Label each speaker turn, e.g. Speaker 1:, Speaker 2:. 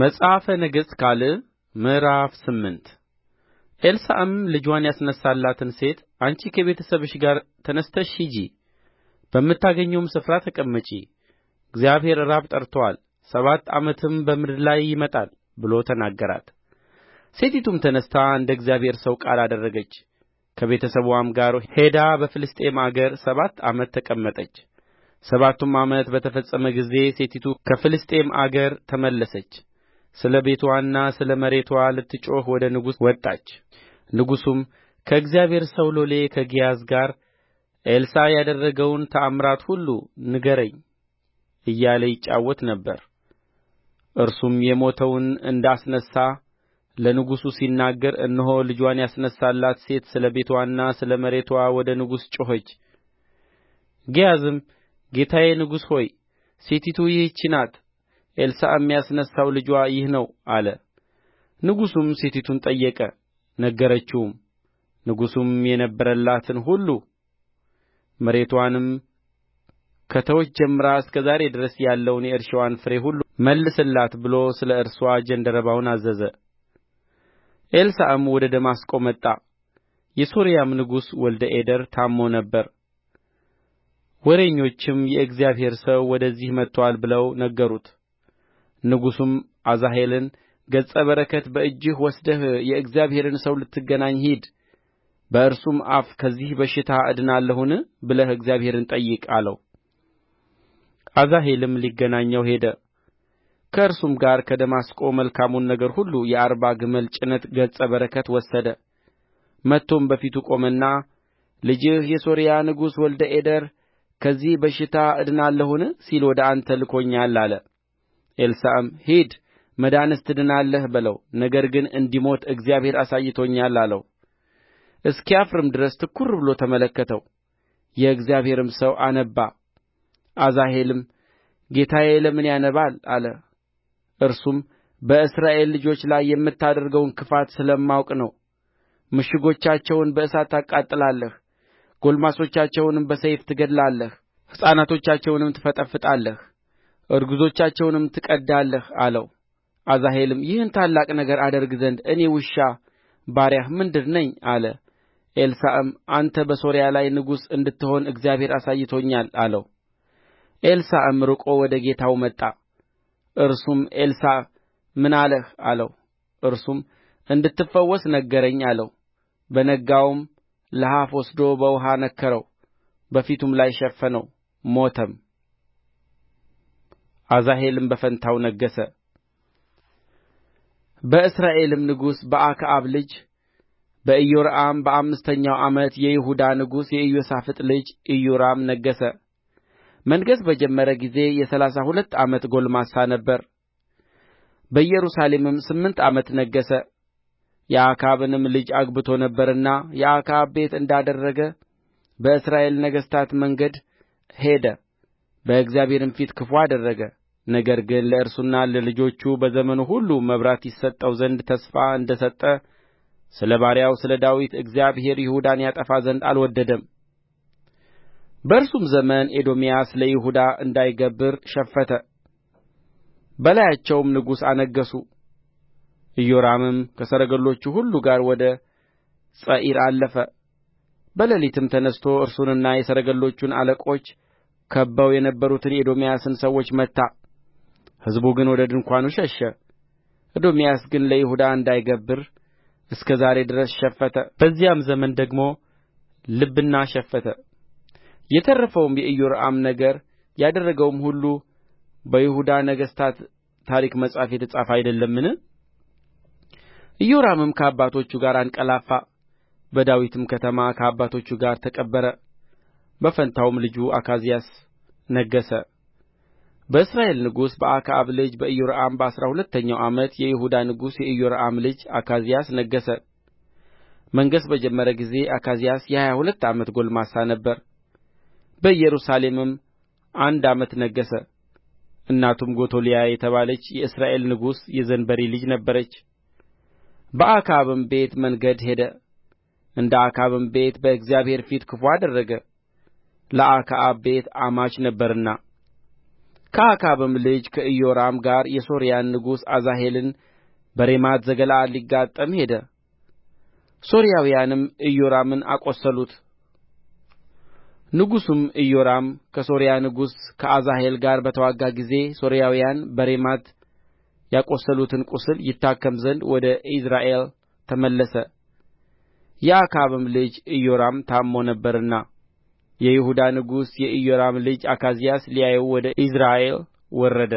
Speaker 1: መጽሐፈ ነገሥት ካልዕ ምዕራፍ ስምንት ኤልሳዕም ልጅዋን ያስነሣላትን ሴት አንቺ ከቤተ ሰብሽ ጋር ተነሥተሽ ሂጂ በምታገኚውም ስፍራ ተቀመጪ እግዚአብሔር ራብ ጠርቶአል ሰባት ዓመትም በምድር ላይ ይመጣል ብሎ ተናገራት ሴቲቱም ተነሥታ እንደ እግዚአብሔር ሰው ቃል አደረገች ከቤተሰብዋም ጋር ሄዳ በፍልስጥኤም አገር ሰባት ዓመት ተቀመጠች ሰባቱም ዓመት በተፈጸመ ጊዜ ሴቲቱ ከፍልስጥኤም አገር ተመለሰች ስለ ቤትዋና ስለ መሬትዋ ልትጮኽ ወደ ንጉሡ ወጣች ንጉሡም ከእግዚአብሔር ሰው ሎሌ ከግያዝ ጋር ኤልሳዕ ያደረገውን ተአምራት ሁሉ ንገረኝ እያለ ይጫወት ነበር እርሱም የሞተውን እንዳስነሣ ለንጉሡ ሲናገር እነሆ ልጅዋን ያስነሣላት ሴት ስለ ቤትዋና ስለ መሬትዋ ወደ ንጉሡ ጮኸች ግያዝም ጌታዬ ንጉሥ ሆይ ሴቲቱ ይህች ናት ኤልሳዕም ያስነሣው ልጅዋ ይህ ነው አለ ንጉሡም ሴቲቱን ጠየቀ ነገረችውም ንጉሡም የነበረላትን ሁሉ መሬትዋንም ከተወች ጀምራ እስከ ዛሬ ድረስ ያለውን የእርሻዋን ፍሬ ሁሉ መልስላት ብሎ ስለ እርስዋ ጃንደረባውን አዘዘ ኤልሳዕም ወደ ደማስቆ መጣ የሶርያም ንጉሥ ወልደ አዴር ታምሞ ነበር ወሬኞችም የእግዚአብሔር ሰው ወደዚህ መጥቶአል ብለው ነገሩት ንጉሡም አዛሄልን ገጸ በረከት በእጅህ ወስደህ የእግዚአብሔርን ሰው ልትገናኝ ሂድ በእርሱም አፍ ከዚህ በሽታ እድናለሁን ብለህ እግዚአብሔርን ጠይቅ አለው አዛሄልም ሊገናኘው ሄደ ከእርሱም ጋር ከደማስቆ መልካሙን ነገር ሁሉ የአርባ ግመል ጭነት ገጸ በረከት ወሰደ መጥቶም በፊቱ ቆመና ልጅህ የሶርያ ንጉሥ ወልደ አዴር ከዚህ በሽታ እድናለሁን ሲል ወደ አንተ ልኮኛል አለ ኤልሳዕም ሂድ መዳንስ ትድናለህ በለው ነገር ግን እንዲሞት እግዚአብሔር አሳይቶኛል አለው እስኪያፍርም ድረስ ትኵር ብሎ ተመለከተው የእግዚአብሔርም ሰው አነባ አዛሄልም ጌታዬ ለምን ያነባል አለ እርሱም በእስራኤል ልጆች ላይ የምታደርገውን ክፋት ስለማውቅ ነው ምሽጎቻቸውን በእሳት ታቃጥላለህ ጕልማሶቻቸውንም በሰይፍ ትገድላለህ ሕፃናቶቻቸውንም ትፈጠፍጣለህ እርጉዞቻቸውንም ትቀድዳለህ አለው አዛሄልም ይህን ታላቅ ነገር አደርግ ዘንድ እኔ ውሻ ባሪያህ ምንድር ነኝ አለ ኤልሳዕም አንተ በሶርያ ላይ ንጉሥ እንድትሆን እግዚአብሔር አሳይቶኛል አለው ኤልሳዕም ርቆ ወደ ጌታው መጣ እርሱም ኤልሳዕ ምን አለህ አለው እርሱም እንድትፈወስ ነገረኝ አለው በነጋውም ለሐፍ ወስዶ በውኃ ነከረው በፊቱም ላይ ሸፈነው ሞተም አዛሄልም በፋንታው ነገሠ በእስራኤልም ንጉሥ በአክዓብ ልጅ በኢዮራም በአምስተኛው ዓመት የይሁዳ ንጉሥ የኢዮሣፍጥ ልጅ ኢዮራም ነገሠ መንገሥ በጀመረ ጊዜ የሠላሳ ሁለት ዓመት ጕልማሳ ነበረ በኢየሩሳሌምም ስምንት ዓመት ነገሠ የአክዓብንም ልጅ አግብቶ ነበርና የአክዓብ ቤት እንዳደረገ በእስራኤል ነገሥታት መንገድ ሄደ በእግዚአብሔርም ፊት ክፉ አደረገ ነገር ግን ለእርሱና ለልጆቹ በዘመኑ ሁሉ መብራት ይሰጠው ዘንድ ተስፋ እንደ ሰጠ ስለ ባሪያው ስለ ዳዊት እግዚአብሔር ይሁዳን ያጠፋ ዘንድ አልወደደም በእርሱም ዘመን ኤዶምያስ ለይሁዳ እንዳይገብር ሸፈተ በላያቸውም ንጉሥ አነገሡ ኢዮራምም ከሰረገሎቹ ሁሉ ጋር ወደ ጸዒር አለፈ በሌሊትም ተነሥቶ እርሱንና የሰረገሎቹን አለቆች ከብበው የነበሩትን የኤዶምያስን ሰዎች መታ ሕዝቡ ግን ወደ ድንኳኑ ሸሸ ኤዶምያስ ግን ለይሁዳ እንዳይገብር እስከ ዛሬ ድረስ ሸፈተ በዚያም ዘመን ደግሞ ልብና ሸፈተ የተረፈውም የኢዮራም ነገር ያደረገውም ሁሉ በይሁዳ ነገሥታት ታሪክ መጽሐፍ የተጻፈ አይደለምን ኢዮራምም ከአባቶቹ ጋር አንቀላፋ በዳዊትም ከተማ ከአባቶቹ ጋር ተቀበረ በፋንታውም ልጁ አካዝያስ ነገሠ በእስራኤል ንጉሥ በአክዓብ ልጅ በኢዮራም በአሥራ ሁለተኛው ዓመት የይሁዳ ንጉሥ የኢዮራም ልጅ አካዝያስ ነገሠ መንገሥ በጀመረ ጊዜ አካዝያስ የሀያ ሁለት ዓመት ጕልማሳ ነበረ በኢየሩሳሌምም አንድ ዓመት ነገሠ እናቱም ጎቶልያ የተባለች የእስራኤል ንጉሥ የዘንበሪ ልጅ ነበረች በአክዓብም ቤት መንገድ ሄደ እንደ አክዓብም ቤት በእግዚአብሔር ፊት ክፉ አደረገ ለአክዓብ ቤት አማች ነበርና ከአክዓብም ልጅ ከኢዮራም ጋር የሶርያን ንጉሥ አዛሄልን በሬማት ዘገለዓድ ሊጋጠም ሄደ ሶርያውያንም ኢዮራምን አቈሰሉት ንጉሡም ኢዮራም ከሶርያ ንጉሥ ከአዛሄል ጋር በተዋጋ ጊዜ ሶርያውያን በሬማት ያቈሰሉትን ቍስል ይታከም ዘንድ ወደ ኢይዝራኤል ተመለሰ የአክዓብም ልጅ ኢዮራም ታምሞ ነበርና የይሁዳ ንጉሥ የኢዮራም ልጅ አካዝያስ ሊያየው ወደ ኢይዝራኤል ወረደ